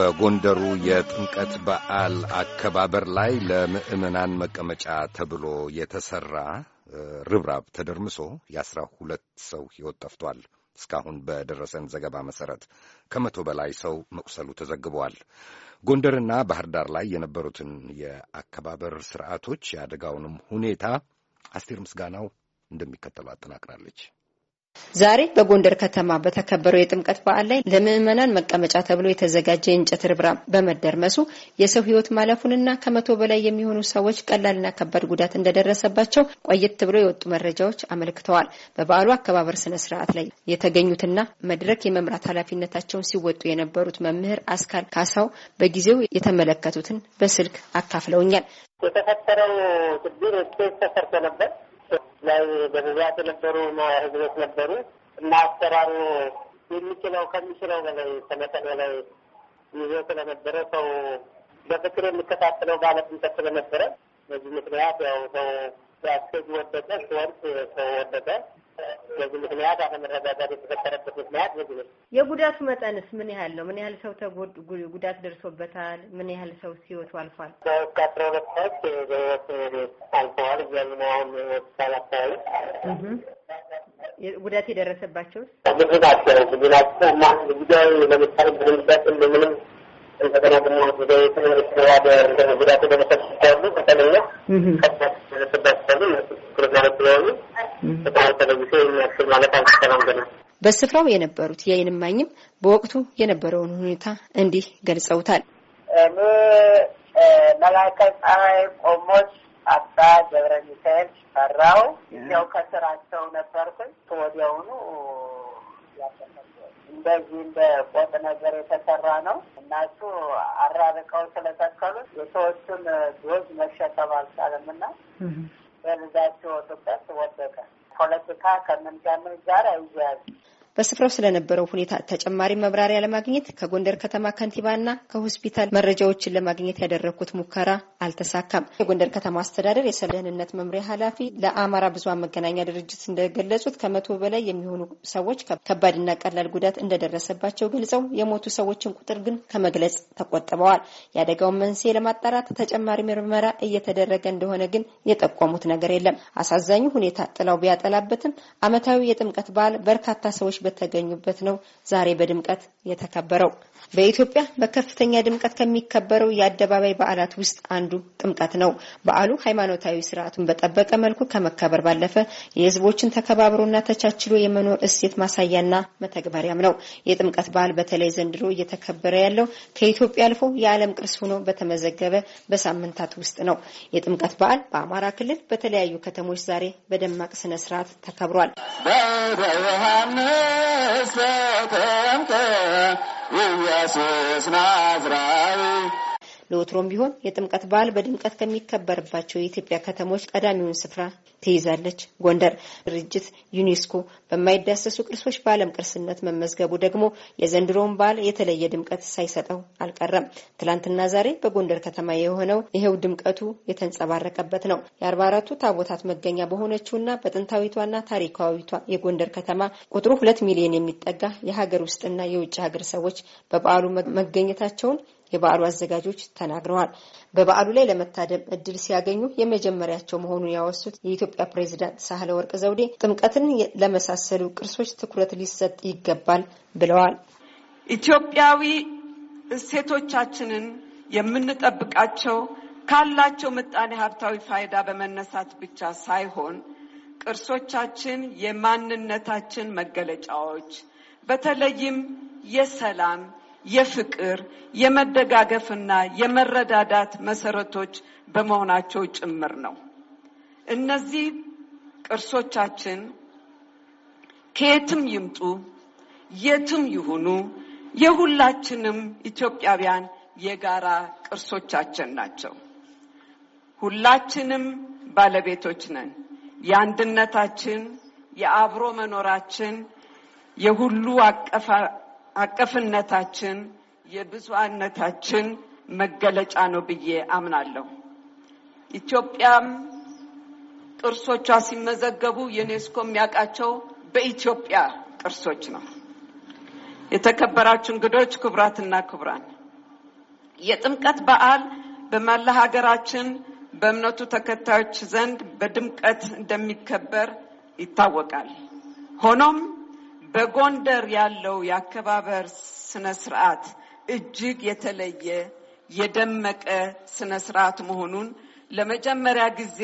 በጎንደሩ የጥምቀት በዓል አከባበር ላይ ለምዕመናን መቀመጫ ተብሎ የተሰራ ርብራብ ተደርምሶ የአስራ ሁለት ሰው ሕይወት ጠፍቷል። እስካሁን በደረሰን ዘገባ መሰረት ከመቶ በላይ ሰው መቁሰሉ ተዘግበዋል። ጎንደርና ባህር ዳር ላይ የነበሩትን የአከባበር ስርዓቶች የአደጋውንም ሁኔታ አስቴር ምስጋናው እንደሚከተሉ አጠናቅራለች። ዛሬ በጎንደር ከተማ በተከበረው የጥምቀት በዓል ላይ ለምዕመናን መቀመጫ ተብሎ የተዘጋጀ የእንጨት ርብራ በመደርመሱ የሰው ሕይወት ማለፉንና ከመቶ በላይ የሚሆኑ ሰዎች ቀላልና ከባድ ጉዳት እንደደረሰባቸው ቆየት ብሎ የወጡ መረጃዎች አመልክተዋል። በበዓሉ አከባበር ስነ ስርዓት ላይ የተገኙትና መድረክ የመምራት ኃላፊነታቸውን ሲወጡ የነበሩት መምህር አስካል ካሳው በጊዜው የተመለከቱትን በስልክ አካፍለውኛል። የተፈጠረው ችግር ኬዝ ተሰርቶ ነበር ላይ በብዛት የነበሩ ህዝቦች ነበሩ እና አሰራሩ የሚችለው ከሚችለው በላይ ከመጠን በላይ ይዞ ስለነበረ ሰው በፍቅር የሚከታተለው ባለጥምቀት ስለነበረ በዚህ ምክንያት ያው ሰው ያስገዝ ወደቀ፣ ሲወርቅ ሰው ወደቀ። በዚህ ምክንያት አለመረጋጋት የተፈጠረበት ምክንያት በዚህ ነው። የጉዳቱ መጠንስ ምን ያህል ነው? ምን ያህል ሰው ጉዳት ደርሶበታል? ምን ያህል ሰው ህይወቱ አልፏል? ሰዎች አስራ ሁለት ሰዎች በህይወት አልፈዋል። አሁን ሆስፒታል አካባቢ ጉዳት የደረሰባቸው ብዙ ናቸው። ብዙ ናቸው እና ለምሳሌ ብንበት እንደምንም እንደገና ደግሞ ደረሰባቸው ትኩረት ስለሆኑ በስፍራው የነበሩት የዓይን እማኝም በወቅቱ የነበረውን ሁኔታ እንዲህ ገልጸውታል። እኔ መላከ ፀሐይ ቆሞስ አባ ገብረ ሚካኤል ፈራው እዚያው ከስራቸው ነበርኩኝ። ወዲያውኑ እንደዚህ በቆጥ ነገር የተሰራ ነው። እናቱ አራርቀው ስለተከሉት የሰዎቹን ዶዝ መሸከም አልቻለም እና በብዛቸው ወጥበት ወደቀ። ፖለቲካ ከምን ጋር አይያያዝም። በስፍራው ስለነበረው ሁኔታ ተጨማሪ መብራሪያ ለማግኘት ከጎንደር ከተማ ከንቲባና ከሆስፒታል መረጃዎችን ለማግኘት ያደረግኩት ሙከራ አልተሳካም። የጎንደር ከተማ አስተዳደር የሰብ ደህንነት መምሪያ ኃላፊ ለአማራ ብዙሃን መገናኛ ድርጅት እንደገለጹት ከመቶ በላይ የሚሆኑ ሰዎች ከባድና ቀላል ጉዳት እንደደረሰባቸው ገልጸው የሞቱ ሰዎችን ቁጥር ግን ከመግለጽ ተቆጥበዋል። የአደጋውን መንስኤ ለማጣራት ተጨማሪ ምርመራ እየተደረገ እንደሆነ ግን የጠቆሙት ነገር የለም። አሳዛኙ ሁኔታ ጥላው ቢያጠላበትም ዓመታዊ የጥምቀት በዓል በርካታ ሰዎች በተገኙበት ነው ዛሬ በድምቀት የተከበረው። በኢትዮጵያ በከፍተኛ ድምቀት ከሚከበረው የአደባባይ በዓላት ውስጥ አንዱ ጥምቀት ነው። በዓሉ ሃይማኖታዊ ስርዓቱን በጠበቀ መልኩ ከመከበር ባለፈ የሕዝቦችን ተከባብሮና ተቻችሎ የመኖር እሴት ማሳያና መተግበሪያም ነው። የጥምቀት በዓል በተለይ ዘንድሮ እየተከበረ ያለው ከኢትዮጵያ አልፎ የዓለም ቅርስ ሆኖ በተመዘገበ በሳምንታት ውስጥ ነው። የጥምቀት በዓል በአማራ ክልል በተለያዩ ከተሞች ዛሬ በደማቅ ስነ ስርዓት ተከብሯል። ተከሰተምከ ኢየሱስ ናዝራዊ ለወትሮም ቢሆን የጥምቀት በዓል በድምቀት ከሚከበርባቸው የኢትዮጵያ ከተሞች ቀዳሚውን ስፍራ ትይዛለች። ጎንደር ድርጅት ዩኔስኮ በማይዳሰሱ ቅርሶች በዓለም ቅርስነት መመዝገቡ ደግሞ የዘንድሮውን በዓል የተለየ ድምቀት ሳይሰጠው አልቀረም። ትላንትና ዛሬ በጎንደር ከተማ የሆነው ይኸው ድምቀቱ የተንጸባረቀበት ነው። የአርባ አራቱ ታቦታት መገኛ በሆነችውና በጥንታዊቷና ታሪካዊቷ የጎንደር ከተማ ቁጥሩ ሁለት ሚሊዮን የሚጠጋ የሀገር ውስጥና የውጭ ሀገር ሰዎች በበዓሉ መገኘታቸውን የበዓሉ አዘጋጆች ተናግረዋል። በበዓሉ ላይ ለመታደም እድል ሲያገኙ የመጀመሪያቸው መሆኑን ያወሱት የኢትዮጵያ ፕሬዚዳንት ሳህለ ወርቅ ዘውዴ ጥምቀትን ለመሳሰሉ ቅርሶች ትኩረት ሊሰጥ ይገባል ብለዋል። ኢትዮጵያዊ እሴቶቻችንን የምንጠብቃቸው ካላቸው ምጣኔ ሀብታዊ ፋይዳ በመነሳት ብቻ ሳይሆን ቅርሶቻችን የማንነታችን መገለጫዎች በተለይም የሰላም የፍቅር የመደጋገፍና የመረዳዳት መሰረቶች በመሆናቸው ጭምር ነው። እነዚህ ቅርሶቻችን ከየትም ይምጡ፣ የትም ይሁኑ የሁላችንም ኢትዮጵያውያን የጋራ ቅርሶቻችን ናቸው። ሁላችንም ባለቤቶች ነን። የአንድነታችን፣ የአብሮ መኖራችን፣ የሁሉ አቀፍ አቀፍነታችን የብዙሃነታችን መገለጫ ነው ብዬ አምናለሁ። ኢትዮጵያም ቅርሶቿ ሲመዘገቡ ዩኔስኮ የሚያውቃቸው በኢትዮጵያ ቅርሶች ነው። የተከበራችሁ እንግዶች፣ ክቡራትና ክቡራን፣ የጥምቀት በዓል በመላ ሀገራችን በእምነቱ ተከታዮች ዘንድ በድምቀት እንደሚከበር ይታወቃል። ሆኖም በጎንደር ያለው የአከባበር ስነ ስርዓት እጅግ የተለየ የደመቀ ስነ ስርዓት መሆኑን ለመጀመሪያ ጊዜ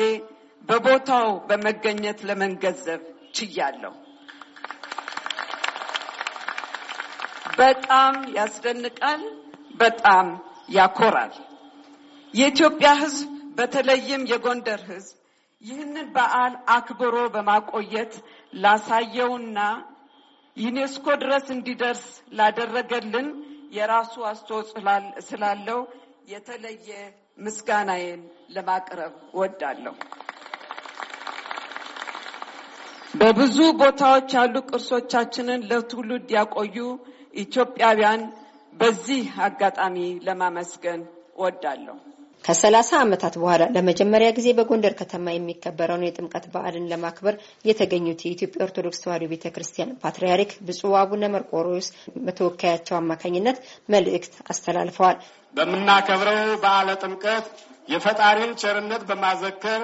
በቦታው በመገኘት ለመንገዘብ ችያለሁ። በጣም ያስደንቃል፣ በጣም ያኮራል። የኢትዮጵያ ሕዝብ በተለይም የጎንደር ሕዝብ ይህንን በዓል አክብሮ በማቆየት ላሳየውና ዩኔስኮ ድረስ እንዲደርስ ላደረገልን የራሱ አስተዋጽኦ ስላለው የተለየ ምስጋናዬን ለማቅረብ ወዳለሁ። በብዙ ቦታዎች ያሉ ቅርሶቻችንን ለትውልድ ያቆዩ ኢትዮጵያውያን በዚህ አጋጣሚ ለማመስገን ወዳለሁ። ከሰላሳ ዓመታት በኋላ ለመጀመሪያ ጊዜ በጎንደር ከተማ የሚከበረውን የጥምቀት በዓልን ለማክበር የተገኙት የኢትዮጵያ ኦርቶዶክስ ተዋሕዶ ቤተ ክርስቲያን ፓትርያርክ ብፁዕ አቡነ መርቆሮስ በተወካያቸው አማካኝነት መልእክት አስተላልፈዋል። በምናከብረው በዓለ ጥምቀት የፈጣሪን ቸርነት በማዘከር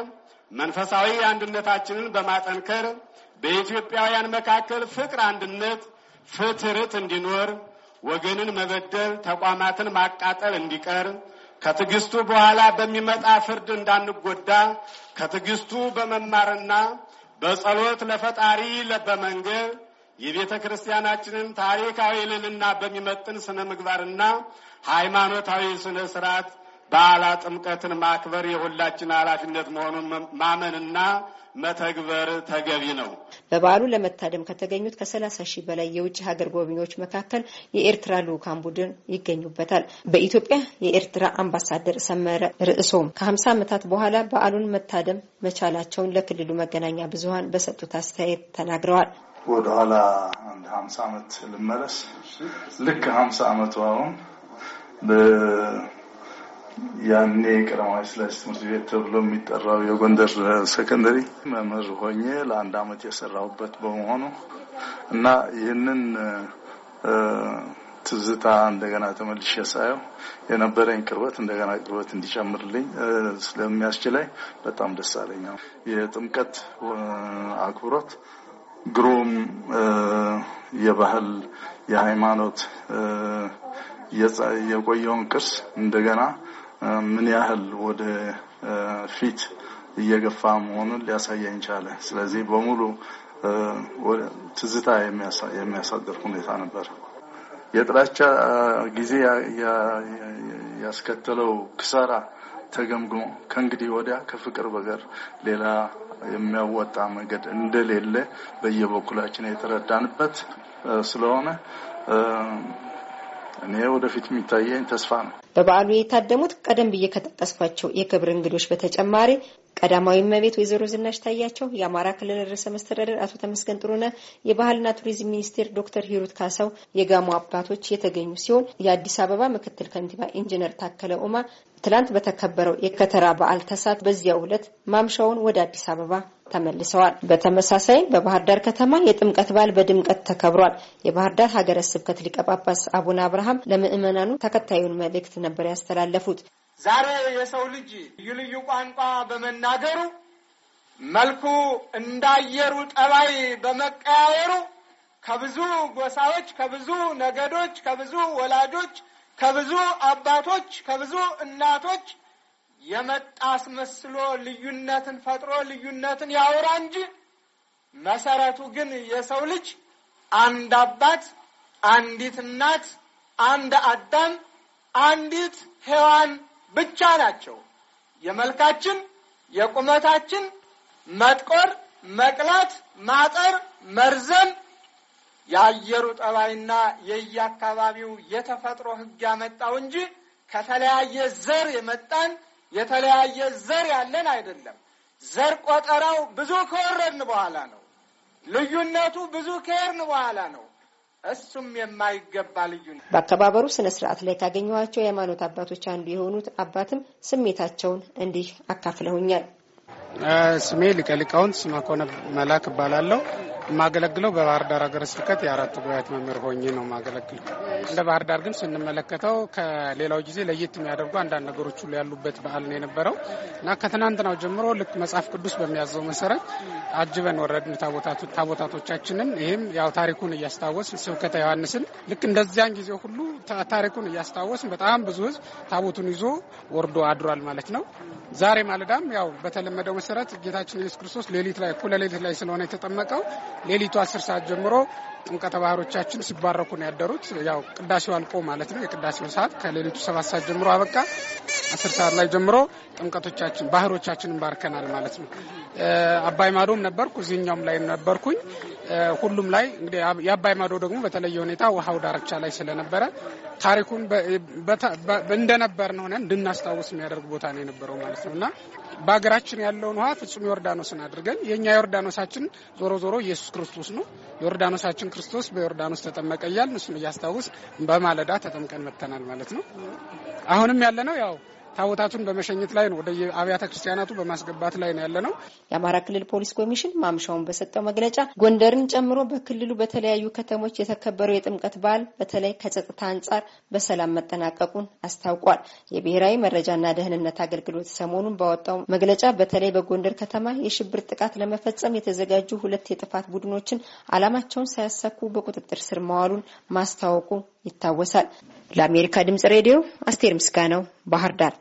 መንፈሳዊ አንድነታችንን በማጠንከር በኢትዮጵያውያን መካከል ፍቅር፣ አንድነት፣ ፍትርት እንዲኖር ወገንን መበደል፣ ተቋማትን ማቃጠል እንዲቀር ከትዕግስቱ በኋላ በሚመጣ ፍርድ እንዳንጎዳ ከትዕግስቱ በመማርና በጸሎት ለፈጣሪ በመንገድ የቤተ ክርስቲያናችንን ታሪካዊ ልልና በሚመጥን ስነ ምግባርና ሃይማኖታዊ ስነ ስርዓት በዓላ ጥምቀትን ማክበር የሁላችን ኃላፊነት መሆኑን ማመንና መተግበር ተገቢ ነው። በበዓሉ ለመታደም ከተገኙት ከሰላሳ ሺህ በላይ የውጭ ሀገር ጎብኚዎች መካከል የኤርትራ ልዑካን ቡድን ይገኙበታል። በኢትዮጵያ የኤርትራ አምባሳደር ሰመረ ርዕሶም ከሀምሳ ዓመታት በኋላ በዓሉን መታደም መቻላቸውን ለክልሉ መገናኛ ብዙኃን በሰጡት አስተያየት ተናግረዋል። ወደኋላ አንድ ሀምሳ ዓመት ልመለስ ልክ ሀምሳ ዓመቱ አሁን ያኔ ቀዳማዊ ሥላሴ ትምህርት ቤት ተብሎ የሚጠራው የጎንደር ሴኮንደሪ መምህር ሆኜ ለአንድ አመት የሰራሁበት በመሆኑ እና ይህንን ትዝታ እንደገና ተመልሼ ሳየው የነበረኝ ቅርበት እንደገና ቅርበት እንዲጨምርልኝ ስለሚያስችለኝ በጣም ደስ አለኝ። የጥምቀት አክብሮት ግሩም የባህል የሃይማኖት የቆየውን ቅርስ እንደገና ምን ያህል ወደ ፊት እየገፋ መሆኑን ሊያሳየኝ ቻለ። ስለዚህ በሙሉ ትዝታ የሚያሳድር ሁኔታ ነበር። የጥላቻ ጊዜ ያስከተለው ክሳራ ተገምግሞ ከእንግዲህ ወዲያ ከፍቅር በቀር ሌላ የሚያወጣ መንገድ እንደሌለ በየበኩላችን የተረዳንበት ስለሆነ እኔ ወደፊት የሚታየኝ ተስፋ ነው። በበዓሉ የታደሙት ቀደም ብዬ ከጠቀስኳቸው የክብር እንግዶች በተጨማሪ ቀዳማዊ እመቤት ወይዘሮ ዝናሽ ታያቸው፣ የአማራ ክልል ርዕሰ መስተዳደር አቶ ተመስገን ጥሩነ፣ የባህልና ቱሪዝም ሚኒስቴር ዶክተር ሂሩት ካሳው፣ የጋሞ አባቶች የተገኙ ሲሆን የአዲስ አበባ ምክትል ከንቲባ ኢንጂነር ታከለ ኡማ ትላንት በተከበረው የከተራ በዓል ተሳት በዚያው ዕለት ማምሻውን ወደ አዲስ አበባ ተመልሰዋል። በተመሳሳይ በባህር ዳር ከተማ የጥምቀት በዓል በድምቀት ተከብሯል። የባህር ዳር ሀገረ ስብከት ሊቀ ጳጳስ አቡነ አብርሃም ለምዕመናኑ ተከታዩን መልእክት ነበር ያስተላለፉት። ዛሬ የሰው ልጅ ልዩ ልዩ ቋንቋ በመናገሩ መልኩ እንዳየሩ ጠባይ በመቀያየሩ ከብዙ ጎሳዎች፣ ከብዙ ነገዶች፣ ከብዙ ወላጆች፣ ከብዙ አባቶች፣ ከብዙ እናቶች የመጣ አስመስሎ ልዩነትን ፈጥሮ ልዩነትን ያወራ እንጂ መሰረቱ ግን የሰው ልጅ አንድ አባት፣ አንዲት እናት፣ አንድ አዳም፣ አንዲት ሔዋን ብቻ ናቸው። የመልካችን፣ የቁመታችን መጥቆር፣ መቅላት፣ ማጠር፣ መርዘም የአየሩ ጠባይና የየአካባቢው የተፈጥሮ ሕግ ያመጣው እንጂ ከተለያየ ዘር የመጣን የተለያየ ዘር ያለን አይደለም። ዘር ቆጠራው ብዙ ከወረድን በኋላ ነው። ልዩነቱ ብዙ ከሄድን በኋላ ነው። እሱም የማይገባ ልዩ ነው። በአከባበሩ ስነ ስርዓት ላይ ካገኘኋቸው የሃይማኖት አባቶች አንዱ የሆኑት አባትም ስሜታቸውን እንዲህ አካፍለውኛል። ስሜ ሊቀሊቃውንት ስመኮነ መላክ እባላለሁ። የማገለግለው በባህር ዳር ሀገረ ስብከት የአራቱ ጉባኤያት መምህር ሆኜ ነው የማገለግለው። እንደ ባህር ዳር ግን ስንመለከተው ከሌላው ጊዜ ለየት የሚያደርጉ አንዳንድ ነገሮች ሁሉ ያሉበት በዓል ነው የነበረው እና ከትናንትናው ጀምሮ ልክ መጽሐፍ ቅዱስ በሚያዘው መሰረት አጅበን ወረድን ታቦታቶቻችንን። ይህም ያው ታሪኩን እያስታወስ ስብከተ ዮሐንስን ልክ እንደዚያን ጊዜ ሁሉ ታሪኩን እያስታወስ በጣም ብዙ ህዝብ ታቦቱን ይዞ ወርዶ አድሯል ማለት ነው። ዛሬ ማለዳም ያው በተለመደው መሰረት ጌታችን ኢየሱስ ክርስቶስ ሌሊት ላይ እኩለ ሌሊት ላይ ስለሆነ የተጠመቀው ሌሊቱ አስር ሰዓት ጀምሮ ጥምቀተ ባህሮቻችን ሲባረኩ ነው ያደሩት። ያው ቅዳሴው አልቆ ማለት ነው። የቅዳሴው ሰዓት ከሌሊቱ ሰባት ሰዓት ጀምሮ አበቃ። አስር ሰዓት ላይ ጀምሮ ጥምቀቶቻችን ባህሮቻችንን ባርከናል ማለት ነው። አባይ ማዶም ነበርኩ፣ እዚህኛውም ላይ ነበርኩኝ። ሁሉም ላይ እንግዲህ የአባይ ማዶ ደግሞ በተለየ ሁኔታ ውሃው ዳርቻ ላይ ስለነበረ ታሪኩን እንደነበርን ሆነን እንድናስታውስ የሚያደርግ ቦታ ነው የነበረው ማለት ነው እና በሀገራችን ያለውን ውሃ ፍጹም ዮርዳኖስን አድርገን የእኛ ዮርዳኖሳችን ዞሮ ዞሮ ኢየሱስ ክርስቶስ ነው። ዮርዳኖሳችን ክርስቶስ በዮርዳኖስ ተጠመቀ እያል እሱን እያስታውስ በማለዳ ተጠምቀን መጥተናል ማለት ነው። አሁንም ነው ያው ታቦታቱን በመሸኘት ላይ ነው፣ ወደ አብያተ ክርስቲያናቱ በማስገባት ላይ ነው ያለነው። የአማራ ክልል ፖሊስ ኮሚሽን ማምሻውን በሰጠው መግለጫ ጎንደርን ጨምሮ በክልሉ በተለያዩ ከተሞች የተከበረው የጥምቀት በዓል በተለይ ከጸጥታ አንጻር በሰላም መጠናቀቁን አስታውቋል። የብሔራዊ መረጃና ደህንነት አገልግሎት ሰሞኑን ባወጣው መግለጫ በተለይ በጎንደር ከተማ የሽብር ጥቃት ለመፈጸም የተዘጋጁ ሁለት የጥፋት ቡድኖችን ዓላማቸውን ሳያሳኩ በቁጥጥር ስር መዋሉን ማስታወቁ ይታወሳል። ለአሜሪካ ድምጽ ሬዲዮ አስቴር ምስጋናው ባህር ዳር